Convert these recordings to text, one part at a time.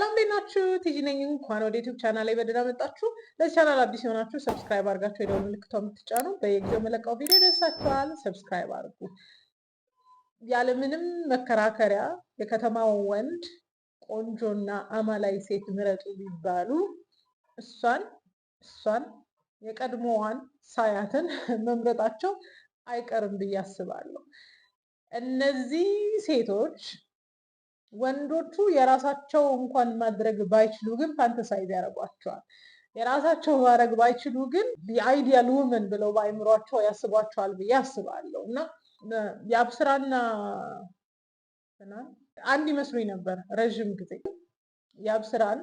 ሰላም እንዴት ናችሁ? ቲጂ ነኝ። እንኳን ወደ ዩቲዩብ ቻናል በደህና መጣችሁ። ለዚህ ቻናል አዲስ የሆናችሁ ሰብስክራይብ አድርጋችሁ የደወል ምልክቷን የምትጫኑ በየጊዜው መለቀው ቪዲዮ ይደርሳችኋል። ሰብስክራይብ አድርጉ። ያለምንም መከራከሪያ የከተማው ወንድ ቆንጆና አማላይ ሴት ምረጡ ቢባሉ እሷን እሷን የቀድሞዋን ሳያትን መምረጣቸው አይቀርም ብዬ አስባለሁ። እነዚህ ሴቶች ወንዶቹ የራሳቸው እንኳን ማድረግ ባይችሉ ግን ፋንተሳይዝ ያደርጓቸዋል። የራሳቸው ማድረግ ባይችሉ ግን የአይዲያል ውመን ብለው በአይምሯቸው ያስቧቸዋል ብዬ አስባለሁ እና የአብስራና አንድ ይመስሉኝ ነበር ረዥም ጊዜ የአብስራን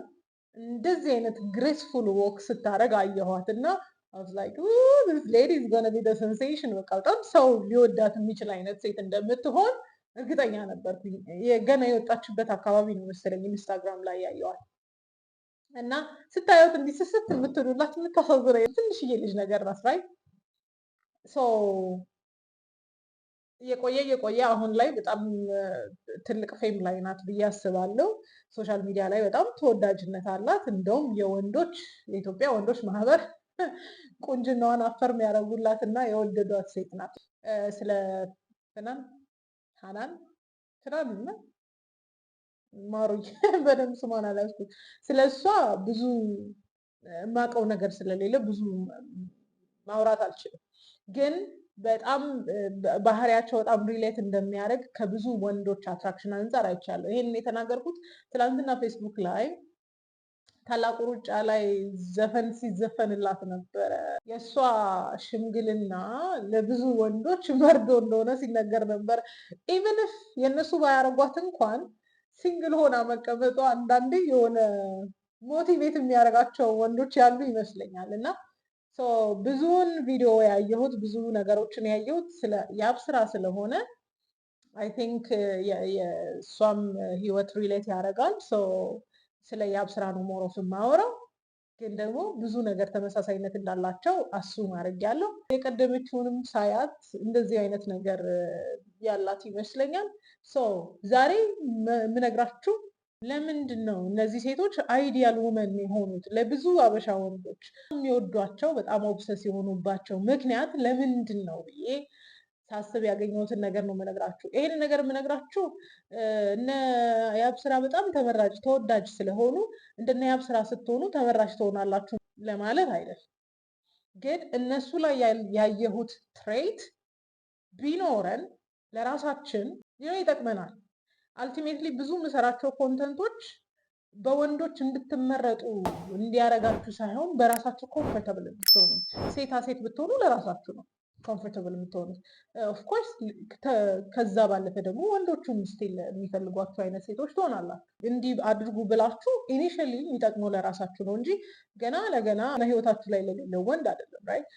እንደዚህ አይነት ግሬስፉል ወክ ስታደረግ አየኋት እና ሌዲ ሴንሴሽን በቃ በጣም ሰው ሊወዳት የሚችል አይነት ሴት እንደምትሆን እርግጠኛ ነበርኩኝ። ገና የወጣችበት አካባቢ ነው መሰለኝ ኢንስታግራም ላይ ያየዋል እና ስታየት እንዲህ ስስት የምትሉላት የምታሳዝነ ትንሽዬ ልጅ ነገር ናት። ራይ የቆየ የቆየ አሁን ላይ በጣም ትልቅ ፌም ላይ ናት ብዬ አስባለሁ። ሶሻል ሚዲያ ላይ በጣም ተወዳጅነት አላት። እንደውም የወንዶች የኢትዮጵያ ወንዶች ማህበር ቁንጅናዋን አፈር ያደረጉላት እና የወደዷት ሴት ናት ስለ ሀናን ትናን እና ማሩኝ በደንብ ስሟን አላስኩት። ስለ እሷ ብዙ የማውቀው ነገር ስለሌለ ብዙ ማውራት አልችልም። ግን በጣም ባህሪያቸው በጣም ሪሌት እንደሚያደርግ ከብዙ ወንዶች አትራክሽን አንጻር አይቻለሁ። ይሄን የተናገርኩት ትናንትና ፌስቡክ ላይ ታላቁ ሩጫ ላይ ዘፈን ሲዘፈንላት ነበረ። የእሷ ሽምግልና ለብዙ ወንዶች መርዶ እንደሆነ ሲነገር ነበር። ኢቨን ኢፍ የእነሱ ባያረጓት እንኳን ሲንግል ሆና መቀመጧ አንዳንዴ የሆነ ሞቲቬት የሚያደርጋቸው ወንዶች ያሉ ይመስለኛል እና ብዙውን ቪዲዮ ያየሁት ብዙ ነገሮችን ያየሁት የአብስራ ስራ ስለሆነ አይ ቲንክ የእሷም ህይወት ሪሌት ያደርጋል። ስለ ያብ ስራ ነው ሞሮፍ የማወራው ግን ደግሞ ብዙ ነገር ተመሳሳይነት እንዳላቸው አሱ ማድረግ ያለው የቀደመችውንም ሳያት እንደዚህ አይነት ነገር ያላት ይመስለኛል። ዛሬ ምነግራችሁ ለምንድን ነው እነዚህ ሴቶች አይዲያል ውመን የሆኑት ለብዙ አበሻ ወንዶች የሚወዷቸው በጣም ኦብሰስ የሆኑባቸው ምክንያት ለምንድን ነው ብዬ ሳስብ ያገኘሁትን ነገር ነው የምነግራችሁ። ይህን ነገር የምነግራችሁ እነ የአብስራ በጣም ተመራጭ ተወዳጅ ስለሆኑ እንደነ የአብስራ ስትሆኑ ተመራጭ ትሆናላችሁ ለማለት አይደል። ግን እነሱ ላይ ያየሁት ትሬት ቢኖረን ለራሳችን ይህ ይጠቅመናል። አልቲሜትሊ ብዙ የምሰራቸው ኮንተንቶች በወንዶች እንድትመረጡ እንዲያረጋችሁ ሳይሆን በራሳችሁ ኮምፈርተብል ብትሆኑ፣ ሴታ ሴት ብትሆኑ ለራሳችሁ ነው። ኮምፎርተብል የምትሆኑት። ኦፍኮርስ ከዛ ባለፈ ደግሞ ወንዶቹ ስቲል የሚፈልጓቸው አይነት ሴቶች ትሆናላችሁ። እንዲህ አድርጉ ብላችሁ ኢኒሽሊ የሚጠቅመው ለራሳችሁ ነው እንጂ ገና ለገና ለህይወታችሁ ላይ ለሌለው ወንድ አይደለም። ራይት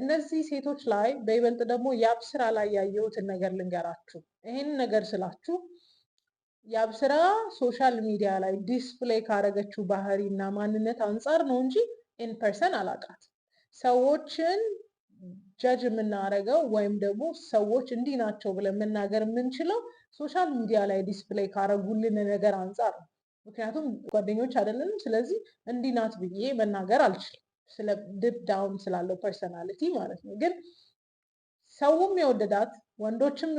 እነዚህ ሴቶች ላይ በይበልጥ ደግሞ የአብ ስራ ላይ ያየሁትን ነገር ልንገራችሁ። ይህን ነገር ስላችሁ የአብ ስራ ሶሻል ሚዲያ ላይ ዲስፕሌይ ካረገችው ባህሪ እና ማንነት አንጻር ነው እንጂ ኢን ፐርሰን አላቃት ሰዎችን ጃጅ የምናረገው ወይም ደግሞ ሰዎች እንዲህ ናቸው ብለን መናገር የምንችለው ሶሻል ሚዲያ ላይ ዲስፕሌይ ካረጉልን ነገር አንጻር ነው። ምክንያቱም ጓደኞች አይደለንም። ስለዚህ እንዲህ ናት ብዬ መናገር አልችልም፣ ስለ ድፕ ዳውን ስላለው ፐርሰናሊቲ ማለት ነው። ግን ሰውም የወደዳት ወንዶችም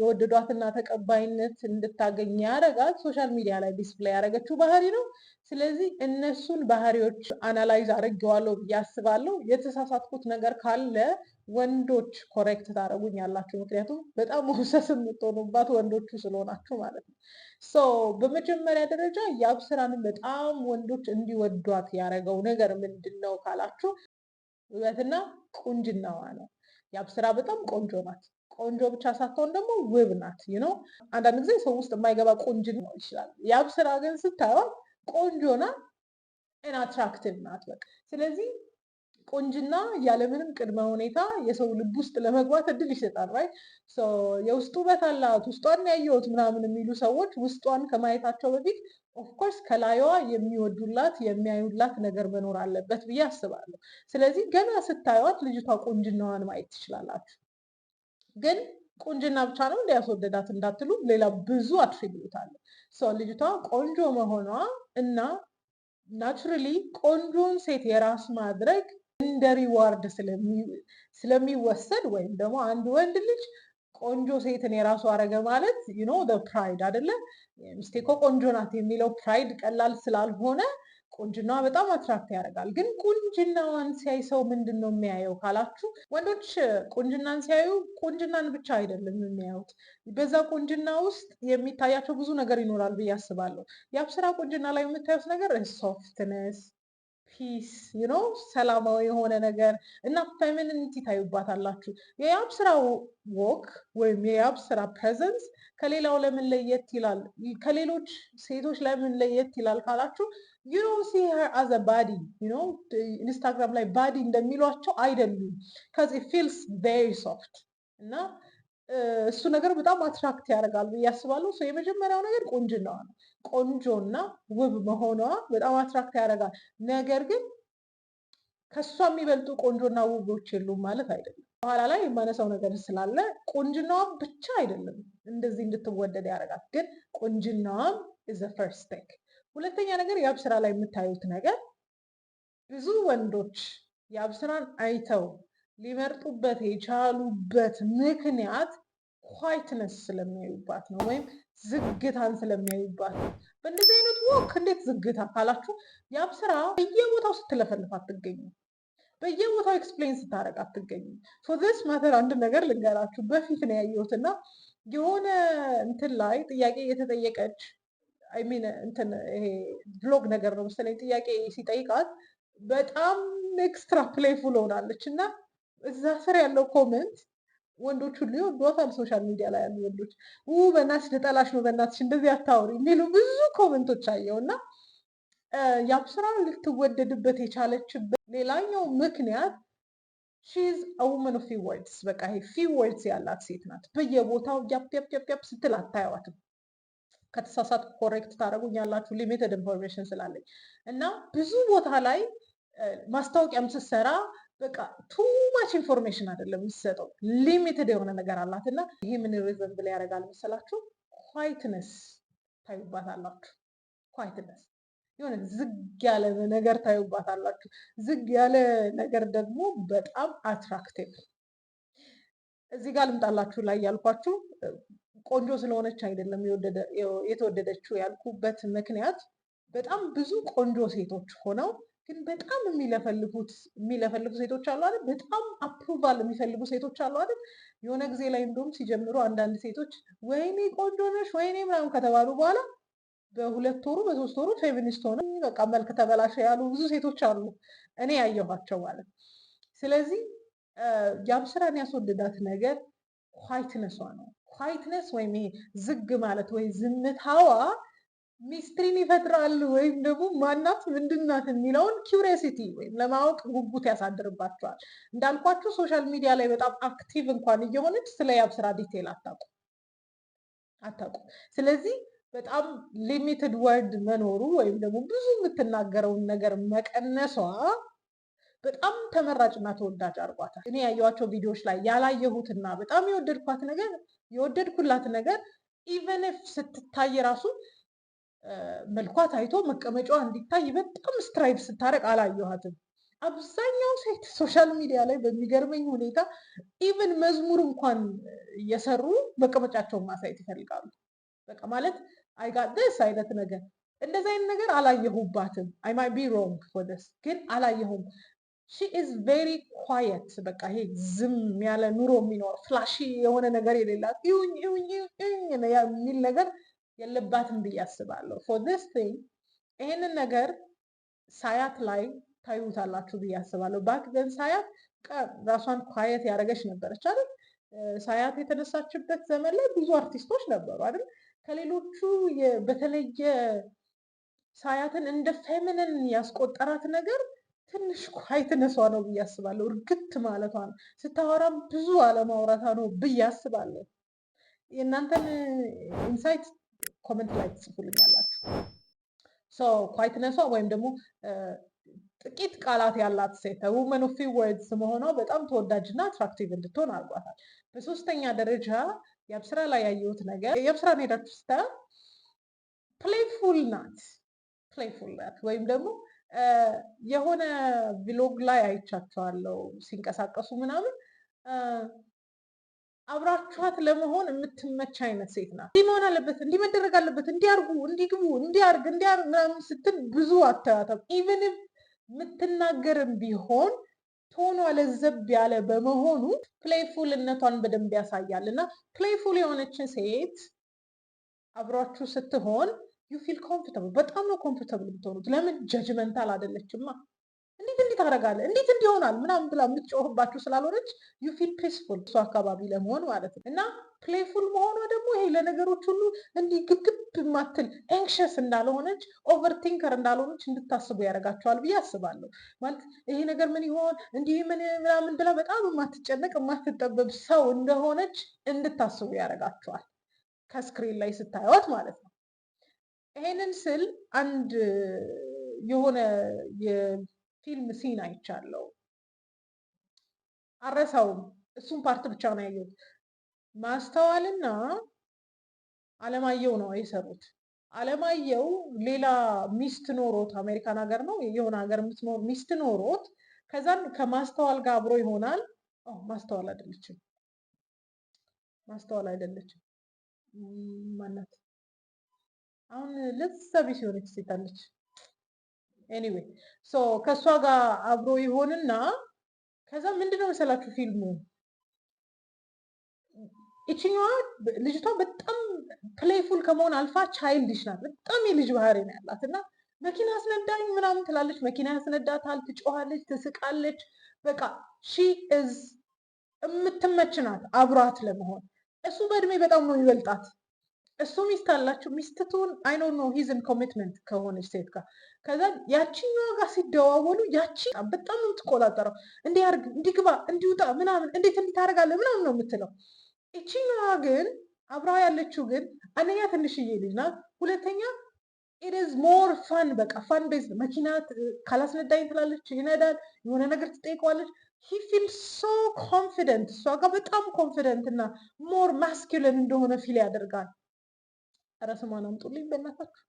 የወደዷትና ተቀባይነት እንድታገኝ ያደረጋት ሶሻል ሚዲያ ላይ ዲስፕላይ ያደረገችው ባህሪ ነው። ስለዚህ እነሱን ባህሪዎች አናላይዝ አድርጌዋለሁ ብዬ አስባለሁ። የተሳሳትኩት ነገር ካለ ወንዶች ኮሬክት ታደረጉኝ ያላችሁ፣ ምክንያቱም በጣም ውሰስ የምትሆኑባት ወንዶቹ ስለሆናችሁ ማለት ነው። በመጀመሪያ ደረጃ የአብስራንን በጣም ወንዶች እንዲወዷት ያደረገው ነገር ምንድን ነው ካላችሁ ውበትና ቁንጅናዋ ነው። የአብስራ በጣም ቆንጆ ናት። ቆንጆ ብቻ ሳትሆን ደግሞ ውብ ናት ነው። አንዳንድ ጊዜ ሰው ውስጥ የማይገባ ነው ይችላል። የአብስራ ግን ስታየዋል ቆንጆ ናት፣ አትራክቲቭ ናት በቃ። ስለዚህ ቆንጅና ያለምንም ቅድመ ሁኔታ የሰው ልብ ውስጥ ለመግባት እድል ይሰጣል። ራይ የውስጡ ውበት አላት ውስጧን ያየሁት ምናምን የሚሉ ሰዎች ውስጧን ከማየታቸው በፊት ኦፍኮርስ ከላዩዋ የሚወዱላት የሚያዩላት ነገር መኖር አለበት ብዬ አስባለሁ። ስለዚህ ገና ስታዩት ልጅቷ ቆንጅናዋን ማየት ትችላላችሁ። ግን ቁንጅና ብቻ ነው እንዲያስወደዳት እንዳትሉ፣ ሌላ ብዙ አትሪቢዩት አለ። ልጅቷ ቆንጆ መሆኗ እና ናቹራሊ ቆንጆን ሴት የራስ ማድረግ እንደ ሪዋርድ ስለሚወሰድ ወይም ደግሞ አንድ ወንድ ልጅ ቆንጆ ሴትን የራሱ አረገ ማለት ኖ ፕራይድ አይደለ? ሚስቴ ቆንጆ ናት የሚለው ፕራይድ ቀላል ስላልሆነ ቁንጅና በጣም አትራክት ያደርጋል። ግን ቁንጅናዋን ሲያይ ሰው ምንድን ነው የሚያየው ካላችሁ፣ ወንዶች ቁንጅናን ሲያዩ ቁንጅናን ብቻ አይደለም የሚያዩት። በዛ ቁንጅና ውስጥ የሚታያቸው ብዙ ነገር ይኖራል ብዬ አስባለሁ። የአብስራ ቁንጅና ላይ የምታዩት ነገር ሶፍትነስ ፒስ ዩኖ ሰላማዊ የሆነ ነገር እና ፌሚኒቲ ታዩባታላችሁ። የያብ ወክ ወይም የአብስራ ፕሬዘንስ ከሌላው ለምን ለየት ይላል፣ ከሌሎች ሴቶች ለምን ለየት ይላል ካላችሁ ዩ ዶንት ሲ ሄር አዘ ባዲ ኢንስታግራም ላይ ባዲ እንደሚሏቸው አይደሉም። ከዚህ ፊልስ ቬሪ ሶፍት እና እሱ ነገር በጣም አትራክት ያደርጋል ብዬ አስባለሁ። የመጀመሪያው ነገር ቆንጅናዋ ነው። ቆንጆና ውብ መሆኗ በጣም አትራክት ያደርጋል። ነገር ግን ከእሷ የሚበልጡ ቆንጆና ውቦች የሉም ማለት አይደለም። በኋላ ላይ የማነሳው ነገር ስላለ ቆንጅናዋም ብቻ አይደለም እንደዚህ እንድትወደድ ያደርጋል ግን ቆንጅናዋም ኢዝ ፈርስት ቴክ ሁለተኛ ነገር የአብ ስራ ላይ የምታዩት ነገር ብዙ ወንዶች የአብ ስራን አይተው ሊመርጡበት የቻሉበት ምክንያት ኳይትነስ ስለሚያዩባት ነው፣ ወይም ዝግታን ስለሚያዩባት ነው። በእንደዚህ አይነት ወቅት እንዴት ዝግታ ካላችሁ የአብ ስራ በየቦታው ስትለፈልፍ አትገኙ፣ በየቦታው ኤክስፕሌን ስታደረግ አትገኙ። ፎር ዚስ ማተር አንድ ነገር ልንገራችሁ። በፊት ነው ያየሁትና የሆነ እንትን ላይ ጥያቄ የተጠየቀች ሚን እንትን ይሄ ብሎግ ነገር ነው መሰለኝ ጥያቄ ሲጠይቃት በጣም ኤክስትራ ፕሌይፉል ሆናለች እና እዛ ስር ያለው ኮመንት ወንዶች ሁሉ ይወዷታል። ሶሻል ሚዲያ ላይ ያሉ ወንዶች በእናትሽ ልጠላሽ ነው፣ በእናትሽ እንደዚህ አታወሪ የሚሉ ብዙ ኮመንቶች አየው እና ያም ስራ ልትወደድበት የቻለችበት ሌላኛው ምክንያት ሺዝ አውመን ፊ ወርድስ በቃ ፊ ወርድስ ያላት ሴት ናት። በየቦታው ያፕ ያፕ ያፕ ስትል አታየዋትም። ከተሳሳት ኮሬክት ታደረጉኛላችሁ ሊሚትድ ኢንፎርሜሽን ስላለኝ እና ብዙ ቦታ ላይ ማስታወቂያም ስትሰራ በቃ ቱ ማች ኢንፎርሜሽን አይደለም የሚሰጠው፣ ሊሚትድ የሆነ ነገር አላት እና ይሄ ምን ሪዘን ብላ ያደርጋል መሰላችሁ? ኳይትነስ ታዩባታላችሁ። ኳይትነስ የሆነ ዝግ ያለ ነገር ታዩባታላችሁ። ዝግ ያለ ነገር ደግሞ በጣም አትራክቲቭ እዚህ ጋር ልምጣላችሁ ላይ ያልኳችሁ ቆንጆ ስለሆነች አይደለም የተወደደችው ያልኩበት ምክንያት በጣም ብዙ ቆንጆ ሴቶች ሆነው ግን በጣም የሚለፈልጉት ሴቶች አሉ አይደል? በጣም አፕሩቫል የሚፈልጉ ሴቶች አሉ አይደል? የሆነ ጊዜ ላይ እንደውም ሲጀምሩ አንዳንድ ሴቶች ወይኔ ቆንጆ ነሽ ወይኔ ምናምን ከተባሉ በኋላ በሁለት ወሩ በሶስት ወሩ ፌሚኒስት ሆነ በቃ መልክ ተበላሸ ያሉ ብዙ ሴቶች አሉ፣ እኔ ያየኋቸው ማለት። ስለዚህ የአብስራን ያስወደዳት ነገር ኳይትነሷ ነው። ኳይትነስ ወይም ዝግ ማለት ወይ ዝምታዋ ሚስትሪን ይፈጥራል ወይም ደግሞ ማናት ምንድናት የሚለውን ኪሪሲቲ ወይም ለማወቅ ጉጉት ያሳድርባቸዋል። እንዳልኳቸው ሶሻል ሚዲያ ላይ በጣም አክቲቭ እንኳን እየሆነች ስለ ያብ ስራ ዲቴል አታውቁም አታውቁም። ስለዚህ በጣም ሊሚትድ ወርድ መኖሩ ወይም ደግሞ ብዙ የምትናገረውን ነገር መቀነሷ በጣም ተመራጭና ተወዳጅ አድርጓታል። እኔ ያየኋቸው ቪዲዮዎች ላይ ያላየሁትና በጣም የወደድኳት ነገር የወደድኩላት ነገር ኢቨን ስትታይ ራሱ መልኳ ታይቶ መቀመጫዋ እንዲታይ በጣም ስትራይቭ ስታረቅ አላየኋትም። አብዛኛው ሴት ሶሻል ሚዲያ ላይ በሚገርመኝ ሁኔታ ኢቨን መዝሙር እንኳን እየሰሩ መቀመጫቸውን ማሳየት ይፈልጋሉ። በቃ ማለት አይጋደስ አይነት ነገር እንደዚህ አይነት ነገር አላየሁባትም። አይ ማይ ቢ ሮንግ ግን አላየሁም። ሺ ኢዝ ቬሪ ኳየት በቃ ይሄ ዝም ያለ ኑሮ የሚኖር ፍላሺ የሆነ ነገር የሌላት ይሁኝ የሚል ነገር የለባትም ብዬ አስባለሁ። ፎር ዲስ ቲንግ ይሄንን ነገር ሳያት ላይ ታዩታላችሁ ብዬ አስባለሁ። ባክ ዘን ሳያት ራሷን ኳየት ያደረገች ነበረች አይደል? ሳያት የተነሳችበት ዘመን ላይ ብዙ አርቲስቶች ነበሩ አይደል? ከሌሎቹ በተለየ ሳያትን እንደ ፌሚኒን ያስቆጠራት ነገር ትንሽ ኳይትነሷ ነው ብዬ አስባለሁ። እርግት ማለቷ ነው። ስታወራም ብዙ አለማውራቷ ነው ብዬ አስባለሁ። የእናንተን ኢንሳይት ኮመንት ላይ ትጽፉልኝ ያላችሁ። ኳይትነሷ ወይም ደግሞ ጥቂት ቃላት ያላት ሴት ውመን ኦፍ ፊው ወርድስ መሆኗ በጣም ተወዳጅና አትራክቲቭ እንድትሆን አድርጓታል። በሶስተኛ ደረጃ የአብስራ ላይ ያየሁት ነገር የአብስራ ሄዳችሁ ስታ ፕሌይፉል ናት። ፕሌይፉል ናት ወይም ደግሞ የሆነ ቪሎግ ላይ አይቻቸዋለው ሲንቀሳቀሱ ምናምን አብራችኋት ለመሆን የምትመች አይነት ሴት ናት። እንዲህ መሆን አለበት፣ እንዲህ መደረግ አለበት፣ እንዲያርጉ፣ እንዲግቡ፣ እንዲያርግ፣ እንዲያርግ ምናምን ስትል ብዙ አተያተም ኢቨን የምትናገርም ቢሆን ቶኗ ለዘብ ያለ በመሆኑ ፕሌይፉልነቷን በደንብ ያሳያል እና ፕሌይፉል የሆነችን ሴት አብሯችሁ ስትሆን ዩ ፊል በጣም ነው ኮምፍርታብል የምትሆኑት ለምን ጀጅመንታል አደለችማ። እንዴት እንዴት ታደርጋለህ እንዴት እንዲሆናል ምናምን ብላ የምትጮህባችሁ ስላልሆነች ዩ ፊል ፒስፉል እሱ አካባቢ ለመሆን ማለት ነው። እና ፕሌይፉል መሆኗ ደግሞ ይሄ ለነገሮች ሁሉ እንዲህ ግብግብ የማትል ኤንክሸስ እንዳልሆነች ኦቨርቲንከር እንዳልሆነች እንድታስቡ ያደርጋቸዋል ብዬ አስባለሁ። ማለት ይሄ ነገር ምን ይሆን እንዲህ ምን ምናምን ብላ በጣም የማትጨነቅ የማትጠበብ ሰው እንደሆነች እንድታስቡ ያደርጋቸዋል ከስክሪን ላይ ስታዩት ማለት ነው። ይሄንን ስል አንድ የሆነ የፊልም ሲን አይቻለው፣ አረሳውም። እሱም ፓርት ብቻ ነው ያየሁት። ማስተዋልና አለማየሁ ነው የሰሩት። አለማየሁ ሌላ ሚስት ኖሮት አሜሪካን ሀገር ነው የሆነ ሀገር የምትኖር ሚስት ኖሮት ከዛን ከማስተዋል ጋር አብሮ ይሆናል። ማስተዋል አይደለችም፣ ማስተዋል አይደለችም። ማናት አሁን ለዛ ቤት የሆነች ሴት አለች። ኤኒዌይ ሶ ከእሷ ጋር አብሮ ይሆንና ከዛ ምንድነው መሰላችሁ ፊልሙ ይችኛዋ ልጅቷ በጣም ፕሌይፉል ከመሆን አልፋ ቻይልድሽ ናት። በጣም የልጅ ባህሪ ነው ያላት እና መኪና አስነዳኝ ምናምን ትላለች፣ መኪና ያስነዳታል፣ ትጮኋለች፣ ትስቃለች። በቃ ሺ እዝ የምትመች ናት አብሯት ለመሆን። እሱ በእድሜ በጣም ነው ይበልጣት እሱ ሚስት አላቸው። ሚስትቱን አይኖ ነው ሂዝን ኮሚትመንት ከሆነች ሴት ጋር ከዛ ያቺኛዋ ጋር ሲደዋወሉ ያቺ በጣም ነው የምትቆጣጠረው። እንዲህ አድርግ፣ እንዲግባ፣ እንዲውጣ ምናምን እንዴት እንዲታደርጋለህ ምናምን ነው የምትለው። ይችኛዋ ግን አብራ ያለችው ግን አንደኛ ትንሽዬ ልጅ ናት፣ ሁለተኛ ኢዝ ሞር ፋን በቃ ፋን ቤዝ መኪና ካላስነዳኝ ትላለች፣ ይነዳል። የሆነ ነገር ትጠይቀዋለች። ሂ ፊል ሶ ኮንፊደንት እሷ ጋር በጣም ኮንፊደንት እና ሞር ማስኪለን እንደሆነ ፊል ያደርጋል። ኧረ ስሟን አምጡልኝ በእናታችሁ።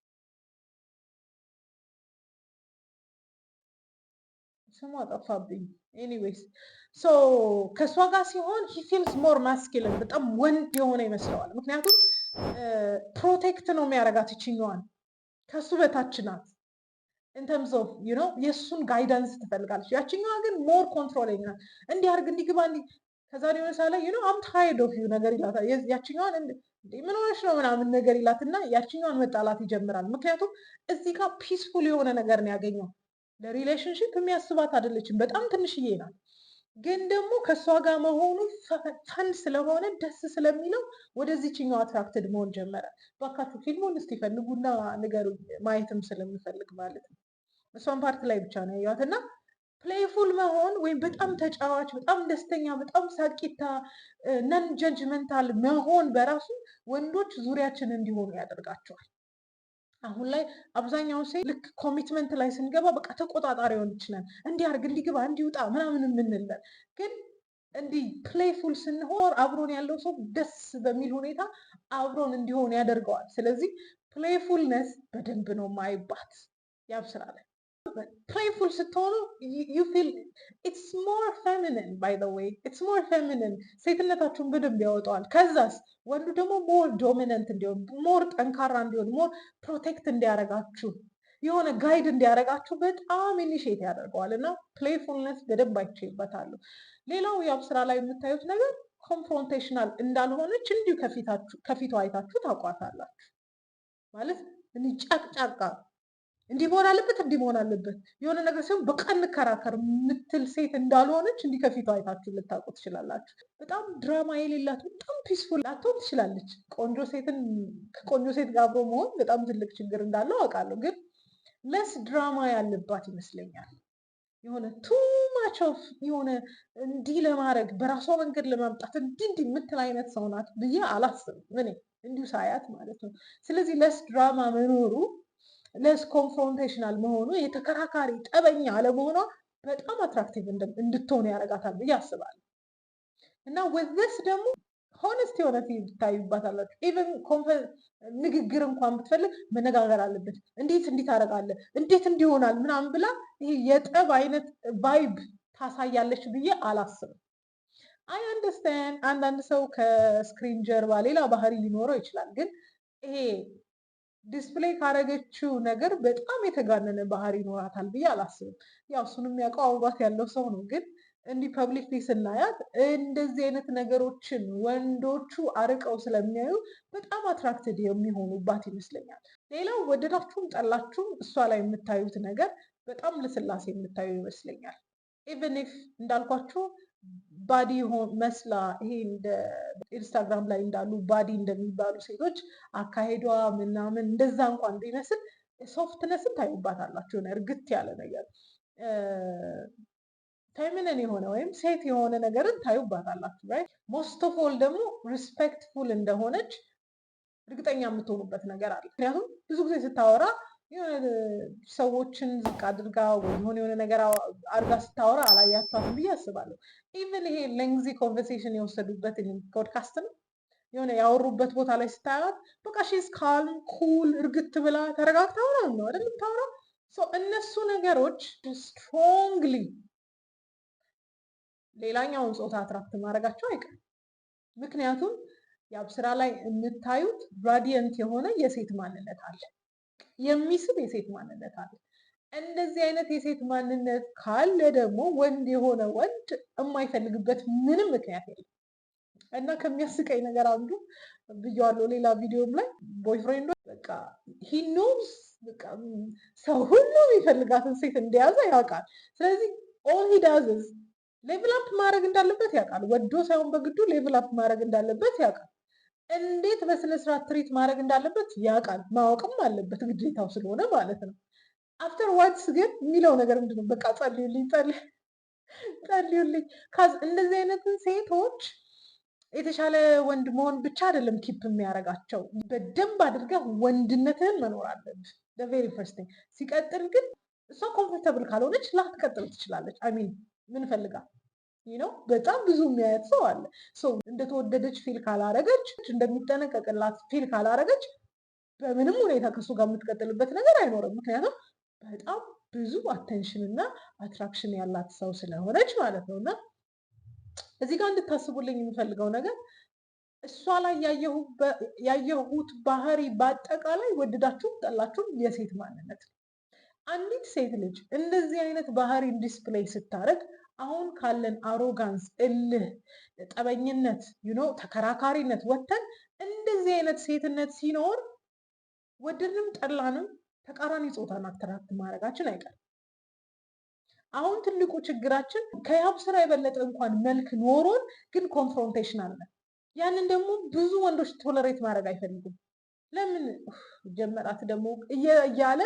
ስሟ ጠፋብኝ። ኤኒዌይስ ሶ ከእሷ ጋር ሲሆን ሂ ፊልስ ሞር ማስኪልን በጣም ወንድ የሆነ ይመስለዋል። ምክንያቱም ፕሮቴክት ነው የሚያደርጋት ይችኛዋን ከሱ በታች ናት። ኢንተርምስ ኦፍ ዩ ኖ የእሱን ጋይዳንስ ትፈልጋለች። ያችኛዋ ግን ሞር ኮንትሮሊንግ ናት። እንዲህ አድርግ፣ እንዲህ ከዛ ሊሆነ ሳለ ዩ ኖ አም ታይርድ ኦፍ ዩ ነገር ይላታል። ያችኛዋን ምን ሆነሽ ነው ምናምን ነገር ይላትና ያችኛዋን መጣላት ይጀምራል። ምክንያቱም እዚህ ጋር ፒስፉል የሆነ ነገር ነው ያገኘው። ለሪሌሽንሽፕ የሚያስባት አይደለችም። በጣም ትንሽዬ ናት። ግን ደግሞ ከእሷ ጋር መሆኑ ፈን ስለሆነ ደስ ስለሚለው ወደዚችኛው አትራክትድ መሆን ጀመረ። ባካችሁ ፊልሙን እስቲ ፈልጉና ንገሩኝ፣ ማየትም ስለምፈልግ ማለት ነው። እሷን ፓርት ላይ ብቻ ነው ያዩዋት እና ፕሌይፉል መሆን ወይም በጣም ተጫዋች፣ በጣም ደስተኛ፣ በጣም ሳቂታ ነን ጀጅመንታል መሆን በራሱ ወንዶች ዙሪያችን እንዲሆኑ ያደርጋቸዋል። አሁን ላይ አብዛኛው ሴት ልክ ኮሚትመንት ላይ ስንገባ በቃ ሆን ይችላል እንዲያርግ፣ እንዲግባ፣ እንዲውጣ ምናምን የምንለን ግን እንዲህ ፕሌይፉል ስንሆን አብሮን ያለው ሰው ደስ በሚል ሁኔታ አብሮን እንዲሆን ያደርገዋል። ስለዚህ ፕሌይፉልነስ በደንብ ነው ማይባት ያብስራለን። playful ስትሆኑ ዩ ፊል ኢትስ ሞር ፌሚኒን ባይ ዘ ዌይ ኢትስ ሞር ፌሚኒን ሴትነታችሁን በደንብ ያወጣዋል። ከዛስ ወንዱ ደግሞ ሞር ዶሚነንት እንዲሆን፣ ሞር ጠንካራ እንዲሆን፣ ሞር ፕሮቴክት እንዲያደርጋችሁ የሆነ ጋይድ እንዲያደርጋችሁ በጣም ኢኒሽት ያደርገዋል እና ፕሌይፉልነስ በደንብ አይቼበታሉ። ሌላው ያው ስራ ላይ የምታዩት ነገር ኮንፍሮንቴሽናል እንዳልሆነች እንዲሁ ከፊቷ አይታችሁ ታውቋታላችሁ። ማለት ጨቅጫቃ እንዲህ መሆን አለበት እንዲህ መሆን አለበት የሆነ ነገር ሲሆን በቃ እንከራከር የምትል ሴት እንዳልሆነች እንዲህ ከፊቷ አይታችሁ ልታውቁ ትችላላችሁ። በጣም ድራማ የሌላት በጣም ፒስፉል ላትሆን ትችላለች። ቆንጆ ሴትን ከቆንጆ ሴት ጋር አብሮ መሆን በጣም ትልቅ ችግር እንዳለው አውቃለሁ፣ ግን ለስ ድራማ ያለባት ይመስለኛል። የሆነ ቱማች ኦፍ የሆነ እንዲህ ለማድረግ በራሷ መንገድ ለማምጣት እንዲህ እንዲህ የምትል አይነት ሰው ናት ብዬ አላስብም እኔ እንዲሁ ሳያት ማለት ነው። ስለዚህ ለስ ድራማ መኖሩ ለስ ኮንፍሮንቴሽናል መሆኑ የተከራካሪ ጠበኛ አለመሆኗ በጣም አትራክቲቭ እንድትሆኑ ያደርጋታል ብዬ አስባለሁ። እና ወዘስ ደግሞ ሆነስት የሆነ ፊልም ኢቨን ንግግር እንኳን ብትፈልግ መነጋገር አለበት። እንዴት እንዴት አደርጋለህ እንዴት እንዲሆናል ምናምን ብላ ይሄ የጠብ አይነት ቫይብ ታሳያለች ብዬ አላስብም። አይ አንደርስታንድ አንዳንድ ሰው ከስክሪን ጀርባ ሌላ ባህሪ ሊኖረው ይችላል ግን ይሄ ዲስፕሌይ ካረገችው ነገር በጣም የተጋነነ ባህሪ ይኖራታል ብዬ አላስብም። ያው እሱን የሚያውቀው አውባት ያለው ሰው ነው። ግን እንዲህ ፐብሊክ ስናያት እንደዚህ አይነት ነገሮችን ወንዶቹ አርቀው ስለሚያዩ በጣም አትራክትድ የሚሆኑባት ይመስለኛል። ሌላው ወደዳችሁም ጠላችሁም እሷ ላይ የምታዩት ነገር በጣም ልስላሴ የምታዩ ይመስለኛል። ኢቨን ኢፍ እንዳልኳችሁ ባዲ መስላ ይሄ እንደ ኢንስታግራም ላይ እንዳሉ ባዲ እንደሚባሉ ሴቶች አካሄዷ ምናምን እንደዛ እንኳን ቢመስል ሶፍትነስን ታዩባታላችሁ። የሆነ እርግት ያለ ነገር ፌሚኒን የሆነ ወይም ሴት የሆነ ነገርን ታዩባታላችሁ። ሞስት ኦፍ ኦል ደግሞ ሪስፔክትፉል እንደሆነች እርግጠኛ የምትሆኑበት ነገር አለ። ምክንያቱም ብዙ ጊዜ ስታወራ ሰዎችን ዝቅ አድርጋ ወይ የሆነ የሆነ ነገር አድርጋ ስታወራ አላያቸዋትም ብዬ አስባለሁ። ኢቨን ይሄ ለንግዚ ኮንቨርሴሽን የወሰዱበት ፖድካስት ነው የሆነ ያወሩበት ቦታ ላይ ስታያት በቃ ሺዝ ካልም ኩል እርግት ብላ ተረጋግታው ነው አይደለም ታውራ እነሱ ነገሮች ስትሮንግሊ ሌላኛውን ፆታ አትራክት ማድረጋቸው አይቀርም። ምክንያቱም የአብስራ ላይ የምታዩት ራዲየንት የሆነ የሴት ማንነት አለ። የሚስብ የሴት ማንነት አለ። እንደዚህ አይነት የሴት ማንነት ካለ ደግሞ ወንድ የሆነ ወንድ የማይፈልግበት ምንም ምክንያት የለም። እና ከሚያስቀኝ ነገር አንዱ ብያዋለሁ፣ ሌላ ቪዲዮም ላይ ቦይፍሬንዶ በቃ ሂኖስ በቃ ሰው ሁሉ የሚፈልጋትን ሴት እንደያዘ ያውቃል። ስለዚህ ኦል ሂዳዝዝ ሌቭል አፕ ማድረግ እንዳለበት ያውቃል። ወዶ ሳይሆን በግዱ ሌቭል አፕ ማድረግ እንዳለበት ያውቃል። እንዴት በስነስርዓት ትሪት ማድረግ እንዳለበት ያውቃል፣ ማወቅም አለበት ግዴታው ስለሆነ ማለት ነው። አፍተር ዋትስ ግን የሚለው ነገር ምንድነው? በቃ ጸልዩልኝ፣ ጸልዩልኝ። እንደዚህ አይነትን ሴቶች የተሻለ ወንድ መሆን ብቻ አይደለም ኪፕ የሚያደርጋቸው፣ በደንብ አድርገህ ወንድነትህን መኖር አለብህ። ቬሪ ፈርስት ሲቀጥል ግን እሷ ኮምፎርተብል ካልሆነች ላትቀጥል ትችላለች። አይ ሚን ምን ፈልጋ ነው በጣም ብዙ የሚያየት ሰው አለ። ሰው እንደተወደደች ፊል ካላረገች፣ እንደሚጠነቀቅላት ፊል ካላረገች በምንም ሁኔታ ከሱ ጋር የምትቀጥልበት ነገር አይኖርም። ምክንያቱም በጣም ብዙ አቴንሽን እና አትራክሽን ያላት ሰው ስለሆነች ማለት ነው። እና እዚህ ጋር እንድታስቡልኝ የምፈልገው ነገር እሷ ላይ ያየሁት ባህሪ በአጠቃላይ ወደዳችሁም ጠላችሁም የሴት ማንነት ነው። አንዲት ሴት ልጅ እንደዚህ አይነት ባህሪን ዲስፕሌይ ስታደርግ አሁን ካለን አሮጋንስ፣ እልህ፣ ጠበኝነት፣ ዩኖ ተከራካሪነት ወተን እንደዚህ አይነት ሴትነት ሲኖር ወደድንም ጠላንም ተቃራኒ ፆታን አትራክት ማድረጋችን አይቀርም። አሁን ትልቁ ችግራችን ከያብ ስራ የበለጠ እንኳን መልክ ኖሮን ግን ኮንፍሮንቴሽን አለ። ያንን ደግሞ ብዙ ወንዶች ቶለሬት ማድረግ አይፈልጉም። ለምን ጀመራት ደግሞ እያለ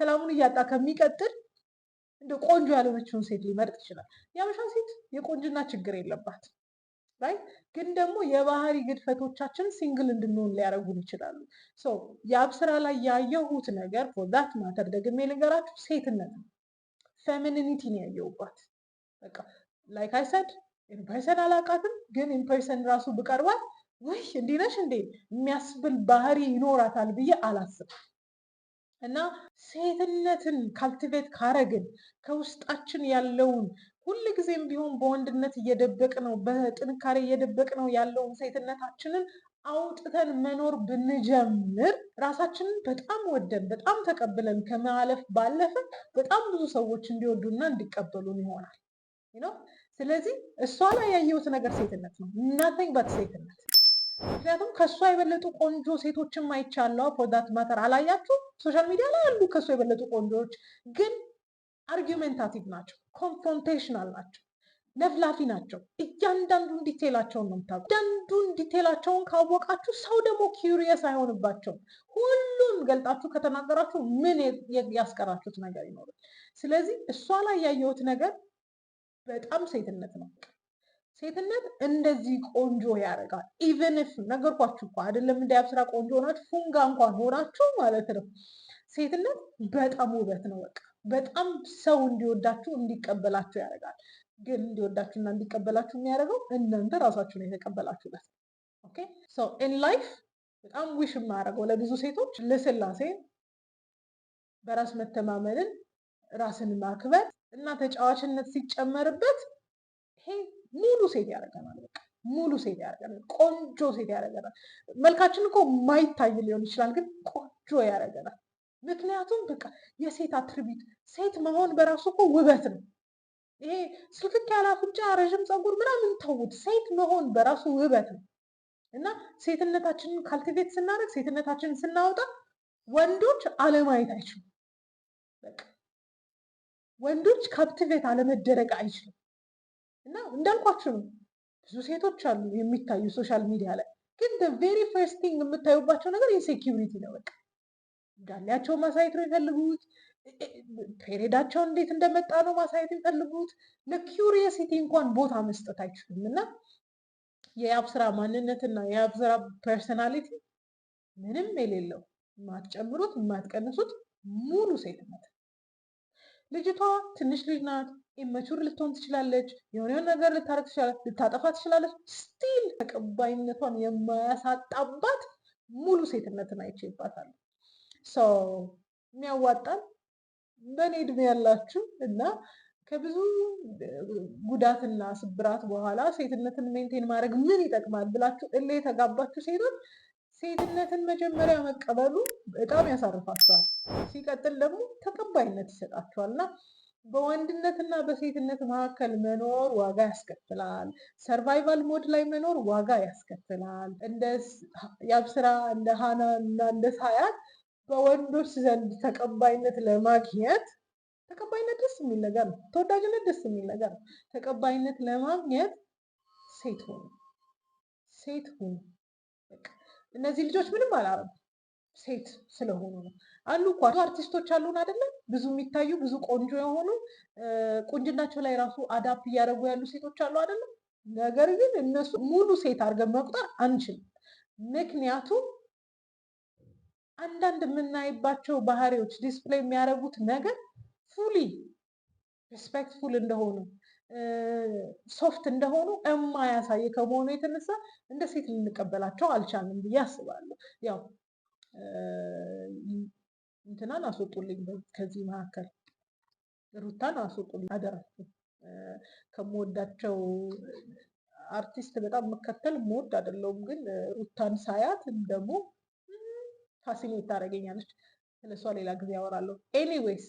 ሰላሙን እያጣ ከሚቀጥል እንደ ቆንጆ ያልሆነችውን ሴት ሊመርጥ ይችላል። የአበሻ ሴት የቆንጅና ችግር የለባት ራይት ግን ደግሞ የባህሪ ግድፈቶቻችን ሲንግል እንድንሆን ሊያደርጉን ይችላሉ። የአብስራ ላይ ያየሁት ነገር ፎርዛት ማተር ደግሜ ልንገራችሁ፣ ሴትነት ነው። ፌሚኒኒቲ ነው ያየሁባት። በቃ ላይክ አይሰድ ኢንፐርሰን አላውቃትም፣ ግን ኢንፐርሰን ራሱ ብቀርባት ወይ እንዲነሽ እንዴ የሚያስብል ባህሪ ይኖራታል ብዬ አላስብም። እና ሴትነትን ካልቲቬት ካረግን ከውስጣችን ያለውን ጊዜም ቢሆን በወንድነት እየደበቅ ነው በጥንካሬ እየደበቅ ነው ያለውን ሴትነታችንን አውጥተን መኖር ብንጀምር ራሳችንን በጣም ወደን በጣም ተቀብለን ከማለፍ ባለፈ በጣም ብዙ ሰዎች እንዲወዱና እንዲቀበሉን ይሆናል ስለዚህ እሷ ላይ ያየሁት ነገር ሴትነት ነው። ናቲንግ በት ሴትነት ምክንያቱም ከእሷ የበለጡ ቆንጆ ሴቶችን አይቻለው። ፎዳት ማተር አላያችሁ? ሶሻል ሚዲያ ላይ አሉ ከእሷ የበለጡ ቆንጆዎች ግን አርጊመንታቲቭ ናቸው፣ ኮንፍሮንቴሽናል ናቸው፣ ለፍላፊ ናቸው። እያንዳንዱን ዲቴላቸውን ነው የምታውቁ። እያንዳንዱን ዲቴላቸውን ካወቃችሁ ሰው ደግሞ ኪውሪየስ አይሆንባቸውም። ሁሉን ገልጣችሁ ከተናገራችሁ ምን ያስቀራችሁት ነገር ይኖራል? ስለዚህ እሷ ላይ ያየሁት ነገር በጣም ሴትነት ነው። ሴትነት እንደዚህ ቆንጆ ያደርጋል። ኢቨን ኢፍ ነገርኳችሁ እኮ አይደለም እንደ ያብስራ ቆንጆ ሆናችሁ ፉንጋ እንኳን ሆናችሁ ማለት ነው። ሴትነት በጣም ውበት ነው። በቃ በጣም ሰው እንዲወዳችሁ እንዲቀበላችሁ ያደርጋል። ግን እንዲወዳችሁና እንዲቀበላችሁ የሚያደርገው እናንተ ራሳችሁ ነው የተቀበላችሁለት። ኦኬ ሶ ኢን ላይፍ በጣም ዊሽ የማያደርገው ለብዙ ሴቶች ለስላሴ በራስ መተማመንን፣ ራስን ማክበር እና ተጫዋችነት ሲጨመርበት ይሄ ሙሉ ሴት ያደርገናል። ሙሉ ሴት ያደርገናል። ቆንጆ ሴት ያደርገናል። መልካችን እኮ ማይታይ ሊሆን ይችላል፣ ግን ቆንጆ ያደርገናል። ምክንያቱም በቃ የሴት አትሪቢዩት ሴት መሆን በራሱ እኮ ውበት ነው። ይሄ ስልክክ ያለ አፍንጫ ረዥም ፀጉር ምናምን ተውት። ሴት መሆን በራሱ ውበት ነው እና ሴትነታችንን ካልቲቬት ስናደርግ፣ ሴትነታችንን ስናወጣ ወንዶች አለማየት አይችሉም። ወንዶች ካፕቲቬት አለመደረግ አይችሉም። እና እንዳልኳችሁ ነው ብዙ ሴቶች አሉ የሚታዩ ሶሻል ሚዲያ ላይ ግን ቨሪ ፈርስት ቲንግ የምታዩባቸው ነገር የሴኪሪቲ ነው። በቃ እንዳላቸው ማሳየት ነው የፈልጉት። ፔሬዳቸው እንዴት እንደመጣ ነው ማሳየት የፈልጉት። ለኪሪየሲቲ እንኳን ቦታ መስጠት አይችሉም። እና የአብስራ ማንነትና የአብስራ ፐርሰናሊቲ ፐርሶናሊቲ ምንም የሌለው የማትጨምሩት የማትቀንሱት ሙሉ ሴትነት ልጅቷ ትንሽ ልጅ ናት። ኢመቹር ልትሆን ትችላለች። የሆነውን ነገር ልታረግ ትችላለች፣ ልታጠፋ ትችላለች። ስቲል ተቀባይነቷን የማያሳጣባት ሙሉ ሴትነትን አይቼባታል። ሰው የሚያዋጣን በእኔ እድሜ ያላችሁ እና ከብዙ ጉዳትና ስብራት በኋላ ሴትነትን ሜንቴን ማድረግ ምን ይጠቅማል ብላችሁ እላ የተጋባችሁ ሴቶች ሴትነትን መጀመሪያ መቀበሉ በጣም ያሳርፋቸዋል። ሲቀጥል ደግሞ ተቀባይነት ይሰጣቸዋል እና በወንድነትና በሴትነት መካከል መኖር ዋጋ ያስከትላል። ሰርቫይቫል ሞድ ላይ መኖር ዋጋ ያስከትላል። እንደ ያብስራ እንደ ሀና እና እንደ ሳያት በወንዶች ዘንድ ተቀባይነት ለማግኘት ተቀባይነት ደስ የሚል ነገር ነው። ተወዳጅነት ደስ የሚል ነገር ነው። ተቀባይነት ለማግኘት ሴት ሁኑ፣ ሴት ሁኑ። እነዚህ ልጆች ምንም አላረጉ ሴት ስለሆኑ ነው። አሉ እኮ አርቲስቶች አሉን አይደለም? ብዙ የሚታዩ ብዙ ቆንጆ የሆኑ ቁንጅናቸው ላይ ራሱ አዳፕ እያደረጉ ያሉ ሴቶች አሉ አይደለም? ነገር ግን እነሱ ሙሉ ሴት አድርገን መቁጠር አንችልም። ምክንያቱም አንዳንድ የምናይባቸው ባህሪዎች ዲስፕሌይ የሚያደርጉት ነገር ፉሊ ሪስፔክትፉል እንደሆኑ ሶፍት እንደሆኑ የማያሳይ ከመሆኑ የተነሳ እንደ ሴት ልንቀበላቸው አልቻልም ብዬ አስባለሁ። ያው እንትናን አስወጡልኝ ከዚህ መካከል ሩታን አስወጡልኝ አደራችሁ። ከምወዳቸው አርቲስት በጣም መከተል መወድ አይደለሁም፣ ግን ሩታን ሳያትን ደግሞ ፋሲኔት ታደርገኛለች። ስለሷ ሌላ ጊዜ ያወራለሁ። ኤኒዌይስ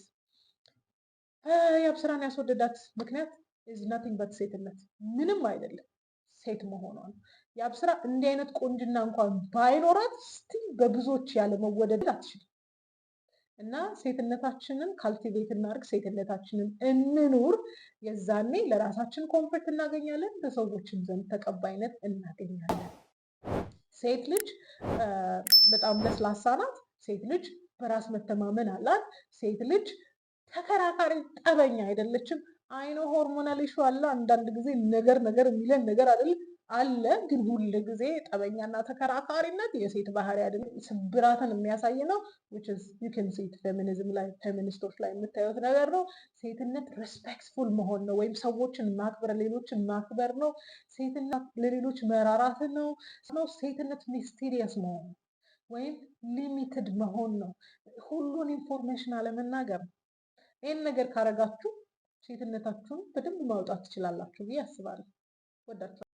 የአብስራን ያስወደዳት ምክንያት ኢዝ ናቲንግ በት ሴትነት ምንም አይደለም፣ ሴት መሆኗ ነው። የአብስራ እንዲህ አይነት ቆንጅና እንኳን ባይኖራት ስቲል በብዙዎች ያለመወደድ አትችልም። እና ሴትነታችንን ካልቲቬት እናርግ፣ ሴትነታችንን እንኑር። የዛኔ ለራሳችን ኮንፈርት እናገኛለን፣ በሰዎችም ዘንድ ተቀባይነት እናገኛለን። ሴት ልጅ በጣም ለስላሳ ናት። ሴት ልጅ በራስ መተማመን አላት። ሴት ልጅ ተከራካሪ፣ ጠበኛ አይደለችም። አይኖ ሆርሞናል ኢሹ አለ። አንዳንድ ጊዜ ነገር ነገር የሚለን ነገር አይደል አለ። ግን ሁል ጊዜ ጠበኛና ተከራካሪነት የሴት ባህሪ አይደል፣ ስብራትን የሚያሳይ ነው። ሴት ፌሚኒዝም ላይ ፌሚኒስቶች ላይ የምታዩት ነገር ነው። ሴትነት ሬስፔክትፉል መሆን ነው፣ ወይም ሰዎችን ማክበር፣ ሌሎችን ማክበር ነው። ሴትነት ለሌሎች መራራት ነው። ሴትነት ሚስቴሪየስ መሆን ነው፣ ወይም ሊሚትድ መሆን ነው። ሁሉን ኢንፎርሜሽን አለመናገር ነው። ይህን ነገር ካረጋችሁ ሴትነታችሁን በደንብ ማውጣት ትችላላችሁ ብዬ አስባለሁ። ወዳችኋለሁ።